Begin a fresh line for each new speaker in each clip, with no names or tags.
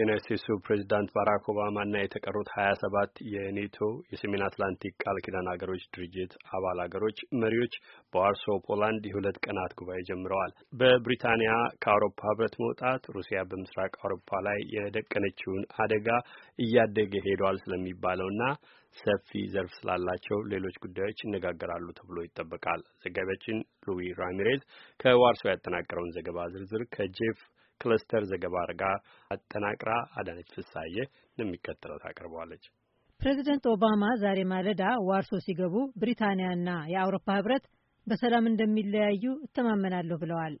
የዩናይት ስቴትሱ ፕሬዚዳንት ባራክ እና የተቀሩት ሀያ ሰባት የኔቶ የሰሜን አትላንቲክ ቃል ኪዳን ሀገሮች ድርጅት አባል ሀገሮች መሪዎች በዋርሶ ፖላንድ የሁለት ቀናት ጉባኤ ጀምረዋል። በብሪታንያ ከአውሮፓ ህብረት መውጣት ሩሲያ በምስራቅ አውሮፓ ላይ የደቀነችውን አደጋ እያደገ ሄዷል ስለሚባለውና ሰፊ ዘርፍ ስላላቸው ሌሎች ጉዳዮች ይነጋገራሉ ተብሎ ይጠበቃል። ዘጋቢያችን ሉዊ ራሚሬዝ ከዋርሶ ያጠናቀረውን ዘገባ ዝርዝር ከጄፍ ክለስተር ዘገባ አርጋ አጠናቅራ አዳነች ፍሳዬ እንደሚከተለው ታቀርበዋለች።
ፕሬዚደንት ኦባማ ዛሬ ማለዳ ዋርሶ ሲገቡ ብሪታንያና የአውሮፓ ህብረት በሰላም እንደሚለያዩ እተማመናለሁ ብለዋል።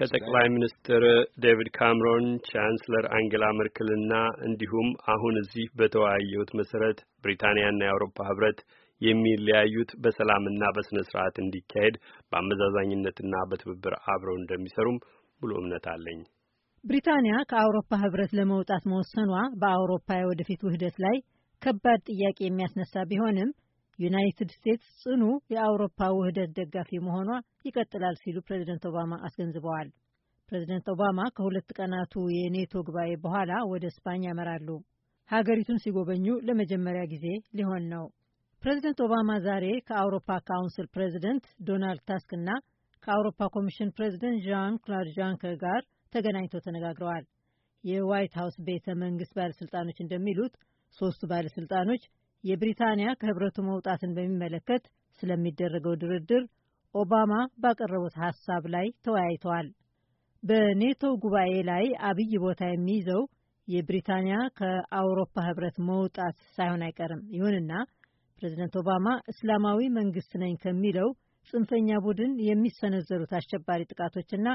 ከጠቅላይ
ሚኒስትር ዴቪድ ካምሮን፣ ቻንስለር አንጌላ መርክልና እንዲሁም አሁን እዚህ በተወያየሁት መሰረት ብሪታንያና የአውሮፓ ህብረት የሚለያዩት በሰላምና በስነ ስርዓት እንዲካሄድ በአመዛዛኝነትና በትብብር አብረው እንደሚሰሩም ሙሉ እምነት አለኝ።
ብሪታንያ ከአውሮፓ ህብረት ለመውጣት መወሰኗ በአውሮፓ የወደፊት ውህደት ላይ ከባድ ጥያቄ የሚያስነሳ ቢሆንም ዩናይትድ ስቴትስ ጽኑ የአውሮፓ ውህደት ደጋፊ መሆኗ ይቀጥላል ሲሉ ፕሬዚደንት ኦባማ አስገንዝበዋል። ፕሬዚደንት ኦባማ ከሁለት ቀናቱ የኔቶ ጉባኤ በኋላ ወደ ስፓኝ ያመራሉ። ሀገሪቱን ሲጎበኙ ለመጀመሪያ ጊዜ ሊሆን ነው። ፕሬዚደንት ኦባማ ዛሬ ከአውሮፓ ካውንስል ፕሬዚደንት ዶናልድ ታስክ እና ከአውሮፓ ኮሚሽን ፕሬዚደንት ዣን ክላድ ዣንከር ጋር ተገናኝተው ተነጋግረዋል። የዋይት ሀውስ ቤተ መንግስት ባለስልጣኖች እንደሚሉት ሶስቱ ባለስልጣኖች የብሪታንያ ከህብረቱ መውጣትን በሚመለከት ስለሚደረገው ድርድር ኦባማ ባቀረቡት ሀሳብ ላይ ተወያይተዋል። በኔቶ ጉባኤ ላይ አብይ ቦታ የሚይዘው የብሪታንያ ከአውሮፓ ህብረት መውጣት ሳይሆን አይቀርም። ይሁንና ፕሬዚደንት ኦባማ እስላማዊ መንግስት ነኝ ከሚለው ጽንፈኛ ቡድን የሚሰነዘሩት አሸባሪ ጥቃቶችና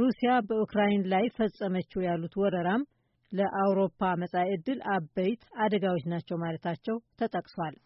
ሩሲያ በኡክራይን ላይ ፈጸመችው ያሉት ወረራም ለአውሮፓ መጻኢ ዕድል አበይት አደጋዎች ናቸው ማለታቸው ተጠቅሷል።